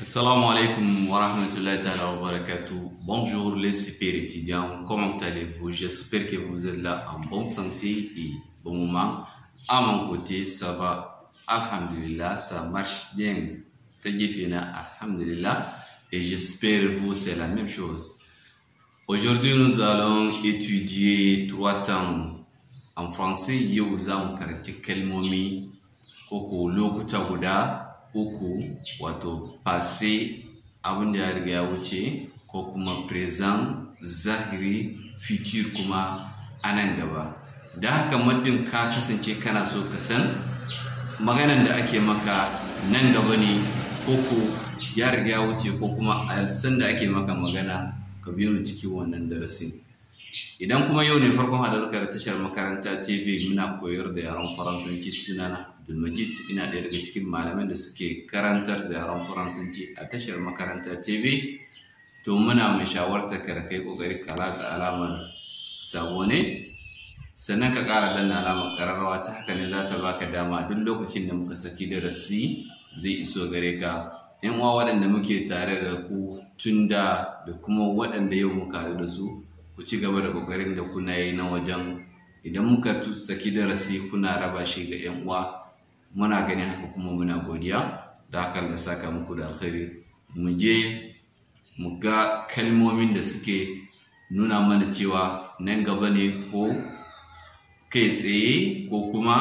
Assalamu alaikum wa Bonjour les super étudiants, comment allez-vous? J'espère que vous êtes là en bonne santé et bon moment. À mon côté, ça va. Alhamdulillah, ça marche bien. Alhamdulillah. Et j'espère vous, c'est la même chose. Aujourd'hui, nous allons étudier trois temps en français. uku wato pase abin da ya riga ya wuce ko kuma present zahiri future kuma anan nan gaba da haka muddin ka kasance kana so ka san maganan da ake maka nan gaba ne ko ya riga ya wuce ko kuma a san da ake maka magana ka biyo cikin wannan darasin idan kuma yau ne farkon hadarkar tashar makaranta tv muna koyar da yaren faransanci sunana Abdulmajid ina ɗaya daga cikin malaman da suke karantar da yaran Faransanci a tashar makaranta TV to muna mai shawarta ka kai kokari ka latsa alamar sabo ne sannan ka ƙara danna alamar ƙararrawa ta haka ne za ta baka dama duk lokacin da muka saki darasi zai iso gare ka yan uwa waɗanda muke tare da ku tun da da kuma waɗanda yau muka haɗu da su ku ci gaba da ƙoƙarin da kuna yi na wajen idan muka saki darasi kuna raba shi ga yan uwa muna ganin haka kuma muna godiya da haka da saka muku da alkhairi mu je mu ga kalmomin da suke nuna mana cewa nan gaba ne ko kai tsaye ko kuma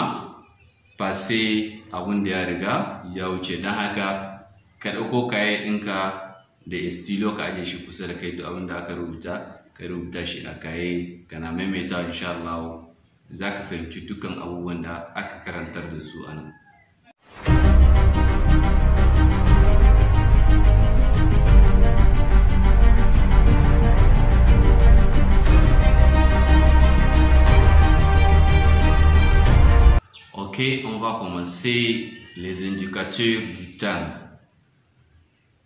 ba sai abin da ya riga ya wuce don haka ka ɗauko kayan ɗinka da estilo ka ajiye shi kusa da kai duk abin da aka rubuta ka rubuta shi a kaye kana maimaita insha Allah za ka fahimci dukkan abubuwan da aka karantar da su a Ok, on va commencer les indicateurs du temps.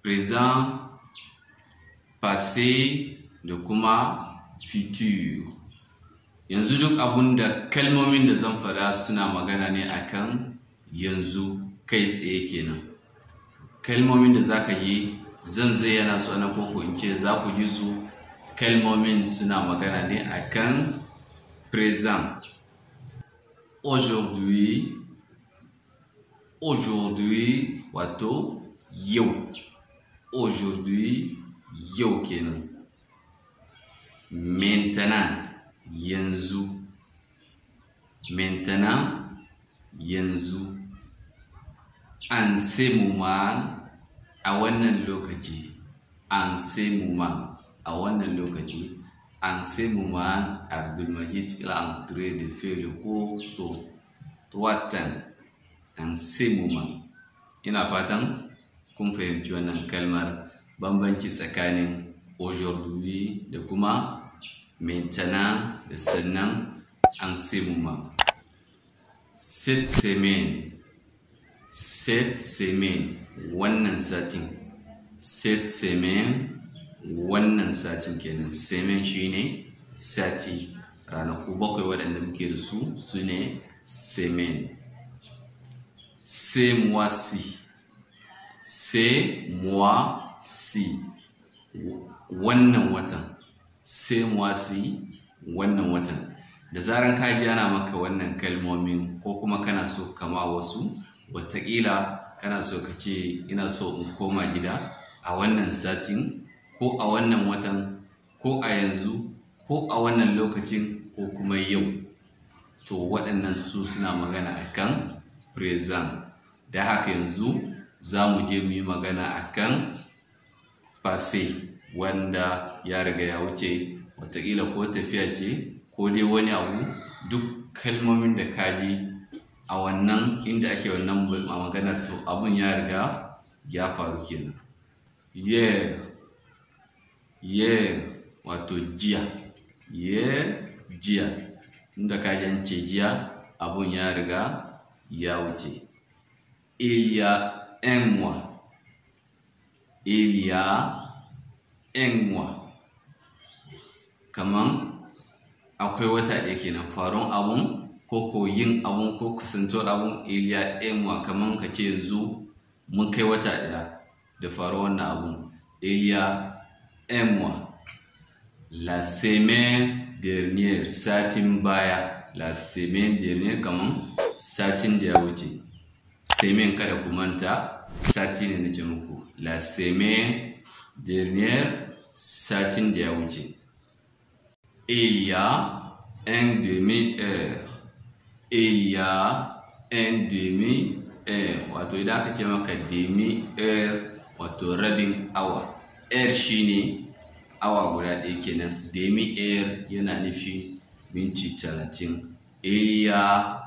Présent, passé de coma, futur. Yanzu duk abun da kalmomin da zan fada suna magana ne akan yanzu kai tsaye kenan kalmomin da zaka yi zan zayyana su na koko in ce za ku ji su kalmomin suna magana ne AKAN présent aujourd'hui aujourd'hui wato yau aujourd'hui yau kenan maintenant yanzu maintenant yanzu an sai ma a wannan lokaci an sai ma a wannan lokaci an sai ma abdulmajid de fele ko so watan an sai ma ina fatan kun fahimci wannan kalmar bambanci tsakanin aujourd'hui da kuma maintenant da sannan an sai ma cette semaine set semen wannan satin set semen wannan satin kenan semen shine sati ranaku bakwai waɗanda muke da su su ne semen c'est moi si c'est moi si wannan watan c'est moi si wannan watan da zaran ka gyana maka wannan kalmomin ko kuma kana so kama wasu wataƙila kana so ka ce ina so in koma gida a wannan satin ko a wannan watan ko a yanzu ko a wannan lokacin ko kuma yau to waɗannan su suna magana a kan present da haka yanzu za mu je mu yi magana a kan passé wanda ya riga ya wuce watakila ko tafiya ce ko dai wani abu duk kalmomin da kaji a wannan inda ake wannan maganar to abun ya riga ya faru kenan ye year wato jiya ye jiya inda ka ce jiya abun ya riga ya wuce Iliya enwa Iliya enwa kaman akwai wata ɗaya kenan faron abun ko ko yin abun ko kasancewar abun iliya emwa kamar ka ce yanzu mun kai wata ɗaya da faru wannan abun iliya emwa la semaine dernière satin baya la semaine dernière kamar satin da ya wuce semaine kada ku manta sati ne na muku la semaine dernière satin da ya wuce Iliya y a demi-heure area n demi air wato idan aka ce maka demi air wato rabin awa air shine awa guda ɗaya kenan demi air yana nufi minti talatin area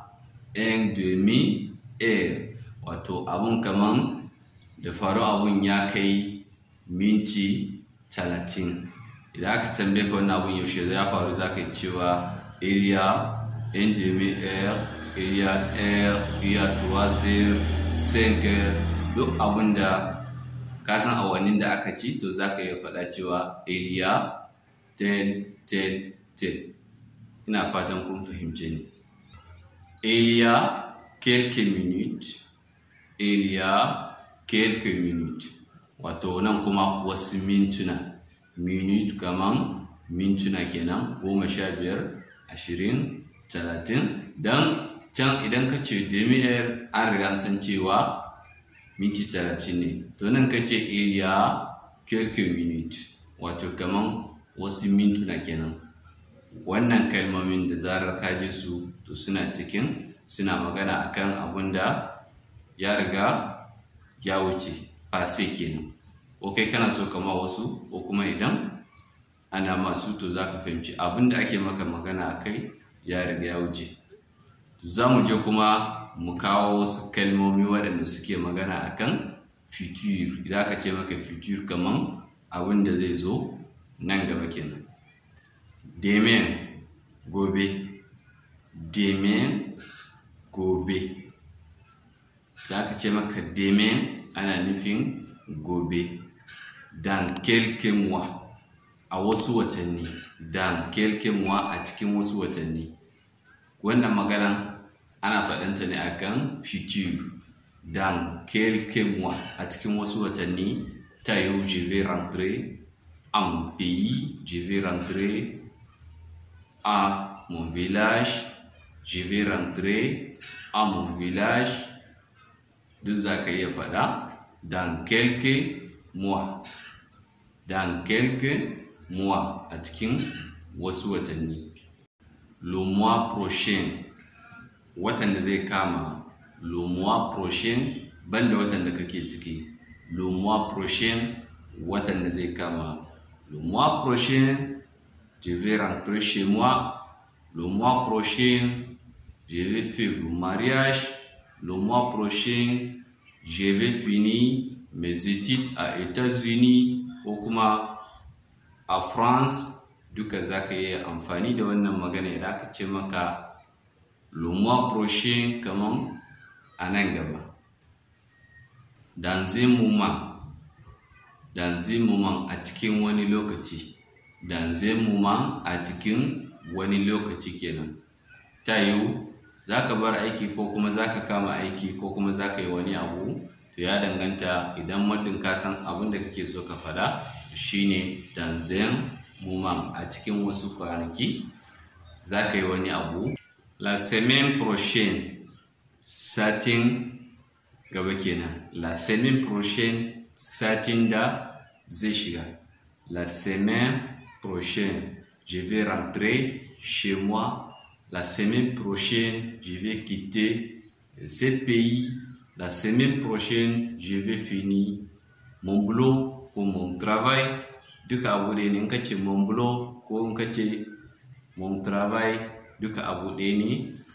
n demi air wato abun kaman da faru abun ya kai minti talatin idan aka tambaye ka wannan abun yaushe ya faru za ka cewa area 1 demi-air a 3 heures, 5 heures. duk abin da ka san awannin da aka ci to za ka yi faɗa cewa area 10 10 10 ina fatan kun fahimce ni area quelques minutes area quelques minutes wato nan kuma wasu mintuna minute kaman mintuna kenan goma sha biyar ashirin talatin don can idan ka ce demir an riga san cewa minti talatin ne to nan ka ce area kirkin minute wato kaman wasu mintuna kenan wannan kalmomin da zarar ka ji su to suna cikin suna magana akan abun da ya riga ya wuce fase kenan ko kana so kama wasu ko kuma idan ana masu to za ka fahimci abin da ake maka magana a kai ya riga ya wuce za mu je kuma mu kawo wasu kalmomi waɗanda suke magana akan future idan aka ce maka future kaman abin da zai zo nan gaba kenan demen gobe demen gobe da aka ce maka demen ana nufin gobe dan kelke a wasu watanni dan mois. a cikin wasu watanni wannan magana ana faɗanta ne akan future dan quelques a cikin wasu watanni ta yau je vais rentrer en pays je vais rentrer à mon village je vais rentrer à mon village duk za ka iya faɗa quelques mois dan quelques mois a cikin wasu watanni le mois prochain watan da zai kama le mois prochain banda watan da kake ciki le mois prochain watan da zai kama le mois prochain je vais rentrer chez moi le mois prochain je vais faire le mariage le mois prochain je vais finir mes études à États-Unis kuma a france duka za ka iya amfani da wannan magana idan aka ce maka le mois prochain kaman a nan gaba danze muma danze a cikin wani lokaci a cikin wani lokaci kenan ta yiwu za ka bar aiki ko kuma za ka kama aiki ko kuma za ka yi wani abu to ya danganta idan muddin ka san abin da kake so ka faɗa shine dans mumam a cikin wasu kwanaki za wani abu la semaine prochaine satin gaba kenan la semaine prochaine satin da zai la semaine prochaine je vais rentrer chez moi la semaine prochaine je vais quitter ce pays la semaine prochaine je vais finir mon boulot ko mon travail duka abu ɗaya ne in ka ce mon bulo ko in ka ce mon travail duka abu ɗaya ne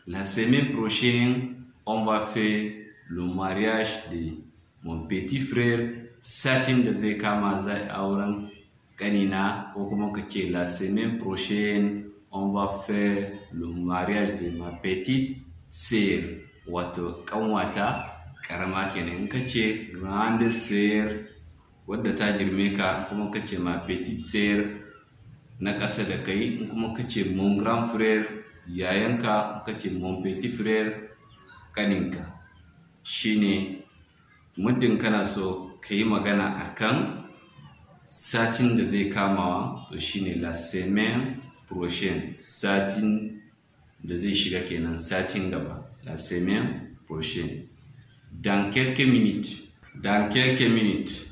la semaine prochaine on va faire le mariage de mon petit frère satin da zai kama zai auren ganina ko kuma ka ce la semaine prochaine on va faire le mariage de ma petite sœur wato kanwata karama kenan in ce grande sœur wadda ta girme ka kuma ka ce ma petit na ƙasa da kai in kuma ka ce mon grand frère yayanka ka ce mon petit frère kaninka shine muddin kana so ka yi magana a kan? satin da zai kamawa to shine la semaine prochaine satin da zai shiga kenan satin gaba la semaine prochaine dans quelques minutes dans quelques minutes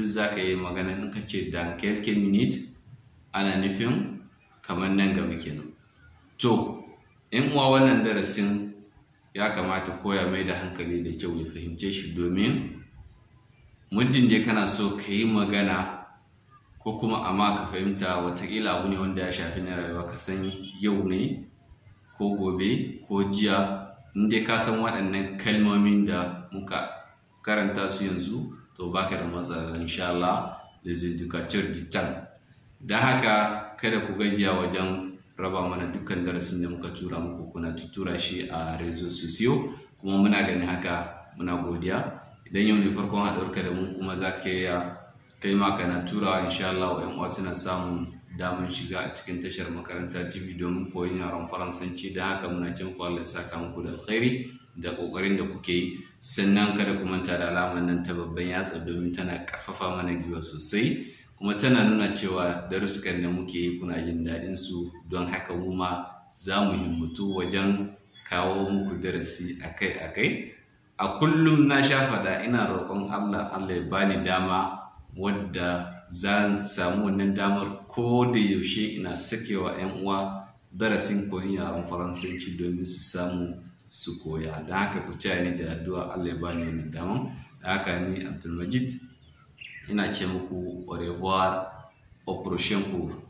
duk za ka yi magana in ka ce dan quelques ana nufin kamar nan gaba kenan to in uwa wannan darasin ya kamata koya mai da hankali da kyau ya fahimce shi domin muddin da kana so ka yi magana ko kuma amma ka fahimta watakila abu ne wanda ya shafi na rayuwa ka san yau ne ko gobe ko jiya in dai ka san waɗannan kalmomin da muka karanta su yanzu to baka da matsala insha Allah les duka du temps da haka kada ku gajiya wajen raba mana dukkan darasin da muka tura muku kuna tutura shi a rezo sosiyo kuma muna ganin haka muna godiya idan yau ne farkon haɗarka da mu kuma za ka iya kai ma kana turawa insha Allah yan uwa suna samun damar shiga a cikin tashar makaranta TV domin koyon yaran Faransanci da haka muna jin ku Allah saka muku da alkhairi da ƙoƙarin da kuke yi sannan kada ku manta da alamar nan ta babban yatsa domin tana ƙarfafa mana gwiwa sosai kuma tana nuna cewa darussukan da muke yi kuna jin daɗin su don haka mu ma za mu himmatu wajen kawo muku darasi akai-akai a kullum na sha faɗa ina roƙon Allah Allah ya bani dama wadda za samu wannan damar ko da yaushe ina sakewa 'yan uwa darasin koyon yaren faransanci domin su samu su koya da haka ku taya ni da addu'a Allah ya ba ni wannan dama da haka ni Abdulmajid ina ce muku au revoir au prochain cours